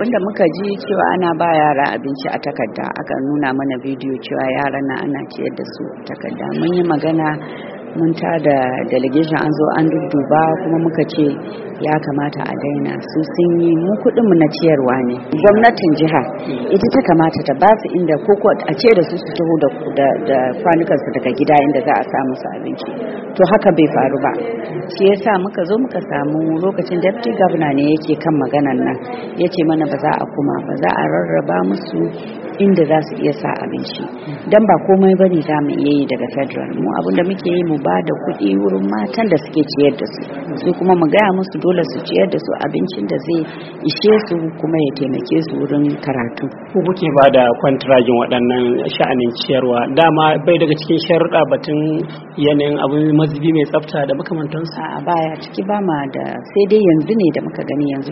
Wanda muka ji cewa ana ba yara abinci a takarda aka nuna mana bidiyo cewa yara na ana ciyar da su takarda mun yi magana mun ta da delegation an zo an dudduba kuma muka ce ya kamata a daina su sun yi mu mu na ciyarwa ne gwamnatin jiha ita ta kamata ta ba su inda ko a ce da su su taho da kwanukan su daga gida inda za a samu su abinci to haka bai faru ba shi yasa muka zo muka samu lokacin deputy governor ne yake kan maganan nan yace mana ba za a kuma ba za a rarraba musu inda za su iya sa abinci don ba komai ba ne za mu iya yi daga federal mu abinda muke yi mu ba da kuɗi wurin matan da suke ciyar da su su kuma mu gaya musu dole su ciyar da su abincin da zai ishe su kuma ya taimake su wurin karatu ko kuke ba da kwantiragin waɗannan sha'anin ciyarwa dama bai daga cikin sharuɗa batun yanayin abin mazubi mai tsafta da makamantansu a baya ciki ba ma da sai dai yanzu ne da muka gani yanzu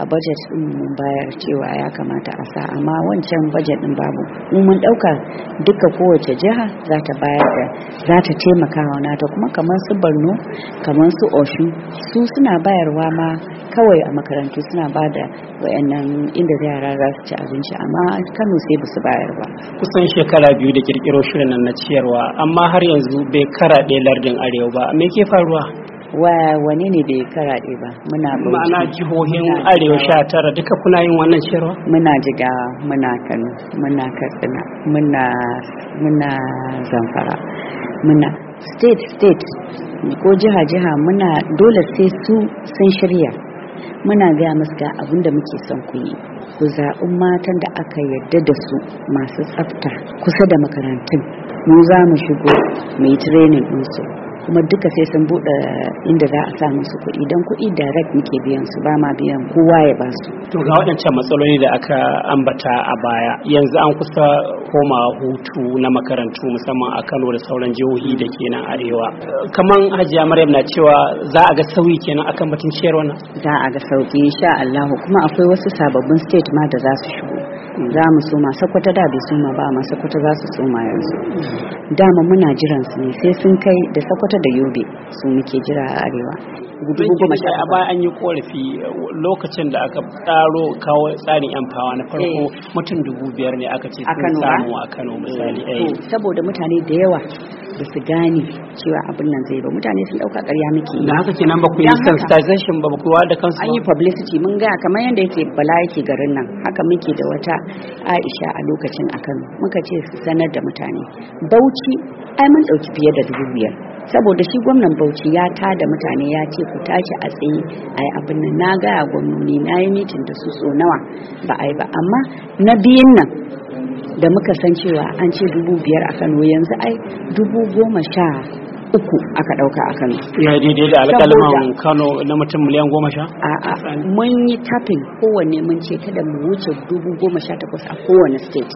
2018 a budget din mun bayar cewa ya kamata a sa amma wancan budget din babu mun ɗauka duka kowace jiha za ta bayar da za ta taimakawa nata kuma kamar su borno kamar su oshun su suna bayarwa ma kawai a makarantu suna ba da wayannan inda yara za su ci abinci amma kano sai ba su bayar ba kusan shekara biyu da kirkiro shirin nan na ciyarwa amma har yanzu bai karaɗe lardin arewa ba me ke faruwa wa wane ne bai karaɗe ba muna bauchi ma'ana jihohin arewa sha tara duka kuna yin wannan shirwa muna jiga muna kano muna katsina muna muna zamfara muna state state ko jiha jiha muna dole sai su sun shirya muna gaya musu abin da muke son ku yi ku zaɓi matan da aka yarda da su masu tsafta kusa da makarantun mu za mu shigo mai training ɗinsu kuma duka sai sun buɗe inda za a sa musu kuɗi don kuɗi direct muke biyan su ba ma biyan kowa ya ba su to ga waɗancan matsaloli da aka ambata a baya yanzu an kusa koma hutu na makarantu musamman a Kano da sauran jihohi da ke nan arewa kaman Hajiya Maryam na cewa za a ga sauyi kenan akan batun ciyarwa za a ga sauki insha Allah kuma akwai wasu sababbin state ma da za su shigo za mu soma sakwata da bai soma ba amma sakwata za su soma yanzu dama muna jiran su ne sai sun kai da sakwata da yobe su muke jira a arewa a baya an yi korafi lokacin da aka tsaro kawo tsarin yan fawa na farko eh. mutum dubu biyar ne aka ce sun samu a kano misali eh, saboda mutane da yawa ba su gane cewa abin nan zai ba mutane sun dauka ƙarya muke da haka kenan ba ku yi sensitization ba kowa da kansu an yi publicity mun gaya kamar yadda yake bala yake garin nan haka muke da wata Aisha a lokacin a muka ce su sanar da mutane Bauchi ai mun dauki fiye da dubu biyar saboda shi gwamnan Bauchi ya ta da mutane ya ce ku tashi a tsaye ai abin nan na gaya gwamnoni na yi mitin da su so nawa ba ai ba amma na biyun nan da muka san cewa an ce dubu biyar a kano yanzu ai dubu goma sha uku aka dauka a kano ya daidai da alƙalman kano na mutum miliyan goma sha a'a mun yi tafin kowanne mun ce kada mu wuce dubu goma sha takwas a kowane state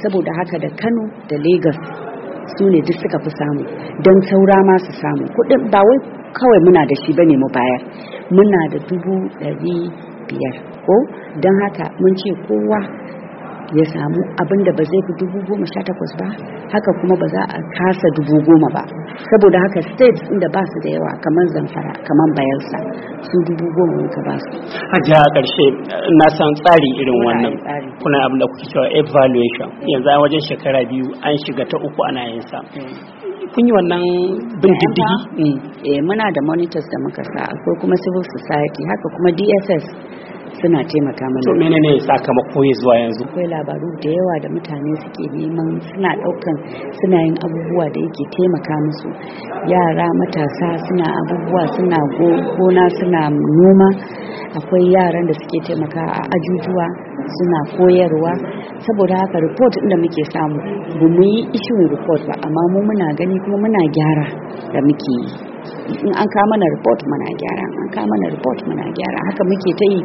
saboda haka da kano da lagos su ne duk suka fi samu don saura ma su samu kuɗin ba wai kawai muna da shi bane mu bayar muna da dubu ɗari biyar ko don haka mun ce kowa ya samu abin da ba zai fi dubu goma sha takwas ba haka kuma ba za a kasa dubu goma ba saboda haka states inda ba su da yawa kamar zamfara kamar bayelsa su dubu goma muka ba su hajiya a ƙarshe na san tsari irin wannan kuna abin da kuke cewa evaluation mm. yanzu a wajen shekara biyu an shiga ta uku ana yin sa mm. kun yi wannan bin diddigi? Mm. Eh, muna da monitors da muka sa akwai kuma civil society haka kuma dss suna taimaka mana. To menene sakamako ya zuwa yanzu? Akwai labaru da yawa da mutane suke neman suna daukan suna yin abubuwa da yake taimaka musu. Yara matasa suna abubuwa suna gona suna noma. Akwai yaran da suke taimaka a ajujuwa suna koyarwa saboda haka report da muke samu ba mu yi issuing report ba amma mu muna gani kuma muna gyara da muke yi in an kama mana report muna gyara an kama mana report muna gyara haka muke ta yi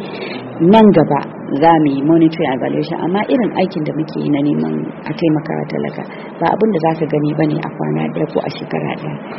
nan gaba za mu yi monitor evaluation amma irin aikin da muke yi na neman a taimakawa talaka ba abin da za ka gani ba ne a kwana ɗaya ko a shekara ɗaya